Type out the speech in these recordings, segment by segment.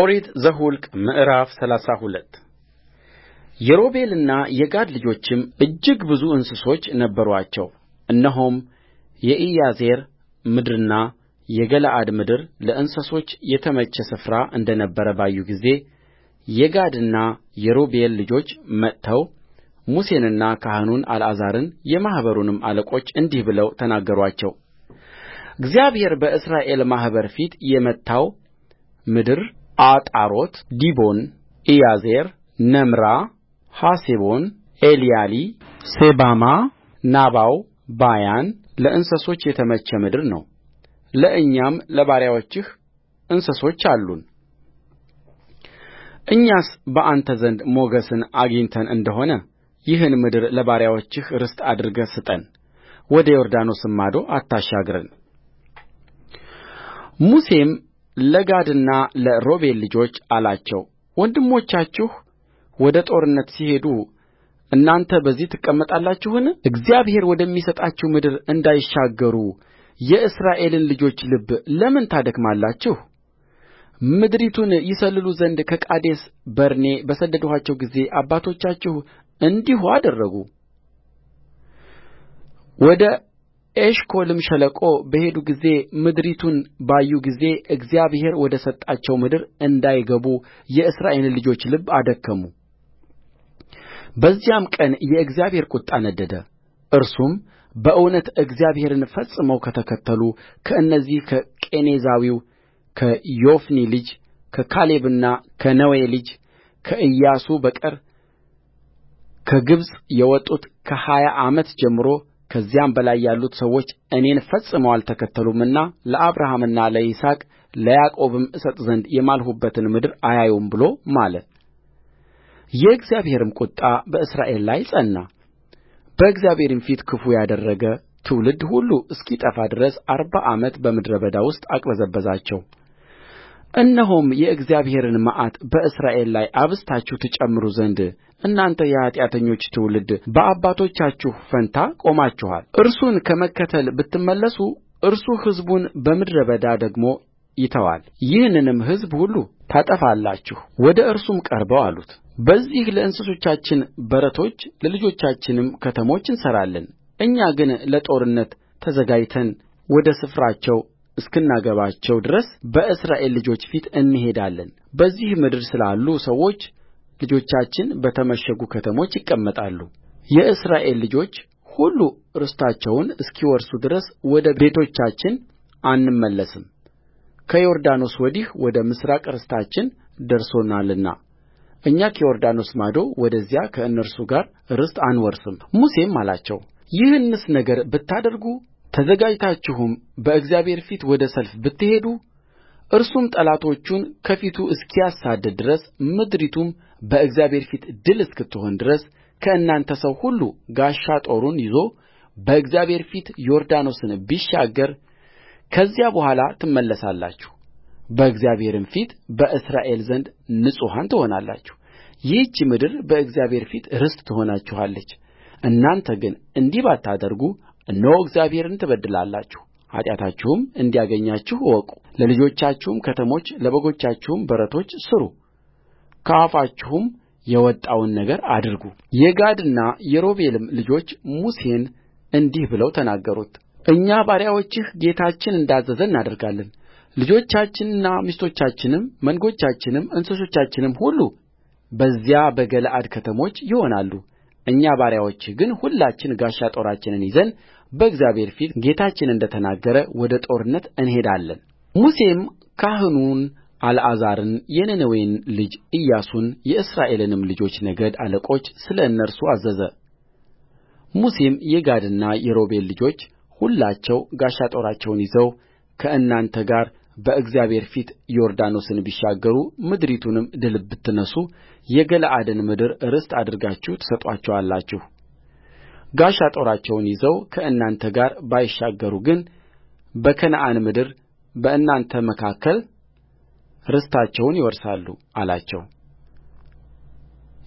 ኦሪት ዘኍልቍ ምዕራፍ ሰላሳ ሁለት የሮቤልና የጋድ ልጆችም እጅግ ብዙ እንስሶች ነበሩአቸው እነሆም የኢያዜር ምድርና የገለዓድ ምድር ለእንስሶች የተመቸ ስፍራ እንደ ነበረ ባዩ ጊዜ የጋድና የሮቤል ልጆች መጥተው ሙሴንና ካህኑን አልዓዛርን የማኅበሩንም አለቆች እንዲህ ብለው ተናገሯቸው። እግዚአብሔር በእስራኤል ማኅበር ፊት የመታው ምድር ዓጣሮት ዲቦን ኢያዜር ነምራ ሐሴቦን ኤልያሊ ሴባማ ናባው ባያን ለእንስሶች የተመቸ ምድር ነው ለእኛም ለባሪያዎችህ እንስሶች አሉን እኛስ በአንተ ዘንድ ሞገስን አግኝተን እንደ ሆነ ይህን ምድር ለባሪያዎችህ ርስት አድርገህ ስጠን ወደ ዮርዳኖስም ማዶ አታሻግረን ሙሴም ለጋድና ለሮቤል ልጆች አላቸው ወንድሞቻችሁ ወደ ጦርነት ሲሄዱ እናንተ በዚህ ትቀመጣላችሁን እግዚአብሔር ወደሚሰጣችሁ ምድር እንዳይሻገሩ የእስራኤልን ልጆች ልብ ለምን ታደክማላችሁ ምድሪቱን ይሰልሉ ዘንድ ከቃዴስ በርኔ በሰደድኋቸው ጊዜ አባቶቻችሁ እንዲሁ አደረጉ ወደ ኤሽኮልም ሸለቆ በሄዱ ጊዜ ምድሪቱን ባዩ ጊዜ እግዚአብሔር ወደ ሰጣቸው ምድር እንዳይገቡ የእስራኤልን ልጆች ልብ አደከሙ በዚያም ቀን የእግዚአብሔር ቍጣ ነደደ እርሱም በእውነት እግዚአብሔርን ፈጽመው ከተከተሉ ከእነዚህ ከቄኔዛዊው ከዮፎኒ ልጅ ከካሌብና ከነዌ ልጅ ከኢያሱ በቀር ከግብፅ የወጡት ከሀያ ዓመት ጀምሮ ከዚያም በላይ ያሉት ሰዎች እኔን ፈጽመው አልተከተሉምና ለአብርሃምና ለይስሐቅ ለያዕቆብም እሰጥ ዘንድ የማልሁበትን ምድር አያዩም ብሎ ማለ። የእግዚአብሔርም ቍጣ በእስራኤል ላይ ጸና። በእግዚአብሔርም ፊት ክፉ ያደረገ ትውልድ ሁሉ እስኪጠፋ ድረስ አርባ ዓመት በምድረ በዳ ውስጥ አቅበዘበዛቸው። እነሆም የእግዚአብሔርን መዓት በእስራኤል ላይ አብዝታችሁ ትጨምሩ ዘንድ እናንተ የኃጢአተኞች ትውልድ በአባቶቻችሁ ፋንታ ቆማችኋል እርሱን ከመከተል ብትመለሱ እርሱ ሕዝቡን በምድረ በዳ ደግሞ ይተዋል ይህንንም ሕዝብ ሁሉ ታጠፋላችሁ ወደ እርሱም ቀርበው አሉት በዚህ ለእንስሶቻችን በረቶች ለልጆቻችንም ከተሞች እንሠራለን እኛ ግን ለጦርነት ተዘጋጅተን ወደ ስፍራቸው እስክናገባቸው ድረስ በእስራኤል ልጆች ፊት እንሄዳለን በዚህ ምድር ስላሉ ሰዎች ልጆቻችን በተመሸጉ ከተሞች ይቀመጣሉየእስራኤል ልጆች ሁሉ ርስታቸውን እስኪወርሱ ድረስ ወደ ቤቶቻችን አንመለስም ከዮርዳኖስ ወዲህ ወደ ምሥራቅ ርስታችን ደርሶናልና እኛ ከዮርዳኖስ ማዶ ወደዚያ ከእነርሱ ጋር ርስት አንወርስምሙሴም አላቸው ይህንስ ነገር ብታደርጉ ተዘጋጅታችሁም በእግዚአብሔር ፊት ወደ ሰልፍ ብትሄዱ እርሱም ጠላቶቹን ከፊቱ እስኪያሳድድ ድረስ ምድሪቱም በእግዚአብሔር ፊት ድል እስክትሆን ድረስ ከእናንተ ሰው ሁሉ ጋሻ ጦሩን ይዞ በእግዚአብሔር ፊት ዮርዳኖስን ቢሻገር ከዚያ በኋላ ትመለሳላችሁ፣ በእግዚአብሔርም ፊት በእስራኤል ዘንድ ንጹሐን ትሆናላችሁ። ይህች ምድር በእግዚአብሔር ፊት ርስት ትሆናችኋለች። እናንተ ግን እንዲህ ባታደርጉ እነሆ እግዚአብሔርን ትበድላላችሁ ኃጢአታችሁም እንዲያገኛችሁ እወቁለልጆቻችሁም ከተሞች ለበጎቻችሁም በረቶች ሥሩ ከአፋችሁም የወጣውን ነገር አድርጉየጋድና የሮቤልም ልጆች ሙሴን እንዲህ ብለው ተናገሩት እኛ ባሪያዎችህ ጌታችን እንዳዘዘ እናደርጋለን ልጆቻችንና ሚስቶቻችንም መንጎቻችንም እንስሶቻችንም ሁሉ በዚያ በገለዓድ ከተሞች ይሆናሉ እኛ ባሪያዎችህ ግን ሁላችን ጋሻ ጦራችንን ይዘን በእግዚአብሔር ፊት ጌታችን እንደ ተናገረ ወደ ጦርነት እንሄዳለን። ሙሴም ካህኑን አልዓዛርን የነነዌን ልጅ ኢያሱን የእስራኤልንም ልጆች ነገድ አለቆች ስለ እነርሱ ሙሴም የጋድና የሮቤል ልጆች ሁላቸው ጋሻ ጦራቸውን ይዘው ከእናንተ ጋር በእግዚአብሔር ፊት ዮርዳኖስን ቢሻገሩ ምድሪቱንም ድል ብትነሡ የገለዓድን ምድር ርስት አድርጋችሁ ጋሻ ጦራቸውን ይዘው ከእናንተ ጋር ባይሻገሩ ግን በከነዓን ምድር በእናንተ መካከል ርስታቸውን ይወርሳሉ አላቸው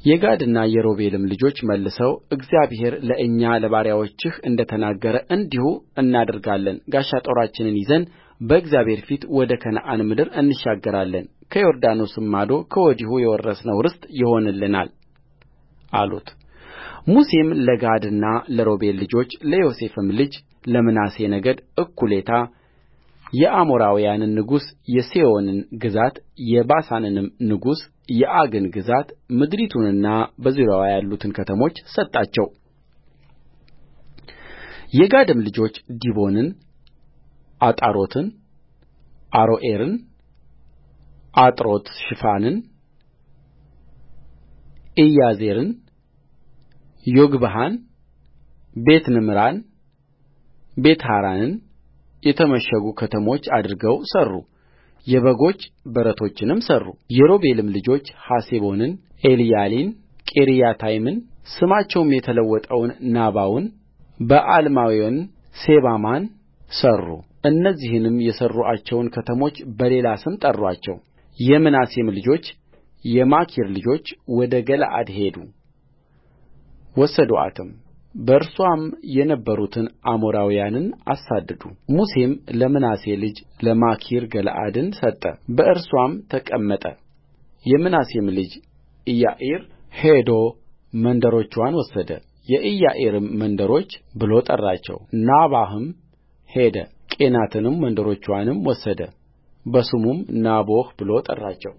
የጋድና የሮቤልም ልጆች መልሰው እግዚአብሔር ለእኛ ለባሪያዎችህ እንደ ተናገረ እንዲሁ እናደርጋለን ጋሻ ጦራችንን ይዘን በእግዚአብሔር ፊት ወደ ከነዓን ምድር እንሻገራለን ከዮርዳኖስም ማዶ ከወዲሁ የወረስነው ርስት ይሆንልናል አሉት። ሙሴም ለጋድና ለሮቤል ልጆች ለዮሴፍም ልጅ ለምናሴ ነገድ እኩሌታ የአሞራውያንን ንጉሥ የሴዎንን ግዛት የባሳንንም ንጉሥ የዐግን ግዛት ምድሪቱንና በዙሪያዋ ያሉትን ከተሞች ሰጣቸውየጋድም ልጆች ዲቦንን አጣሮትን አሮዔርን አጥሮትሽፋንን ኢያዜርን ዮግብሃን ቤትነምራን ቤትሃራንን የተመሸጉ ከተሞች አድርገው ሠሩ የበጎች በረቶችንም የሮቤልም ልጆች ሐሴቦንን ኤልያሊን ቂርያታይምን ስማቸውም የተለወጠውን ናባውን በኣልሜዎን ሴባማን ሠሩ እነዚህንም የሠሩአቸውን ከተሞች በሌላ ስም የምናሴም ልጆች የማኪር ልጆች ወደ ገለዓድ ሄዱ ወሰዱአትም በእርስዋም የነበሩትን አሞራውያንን አሳደዱሙሴም ለምናሴ ልጅ ለማኪር ገለዓድን ሰጠ በእርስዋም ተቀመጠ የምናሴም ልጅ ኢያዕር ሄዶ መንደሮችዋን ወሰደ የኢያዕርም መንደሮች ብሎ ጠራቸው ናባህም ሄደ ቄናትንም መንደሮችዋንም ወሰደ በስሙም ናቦህ ብሎ ጠራቸው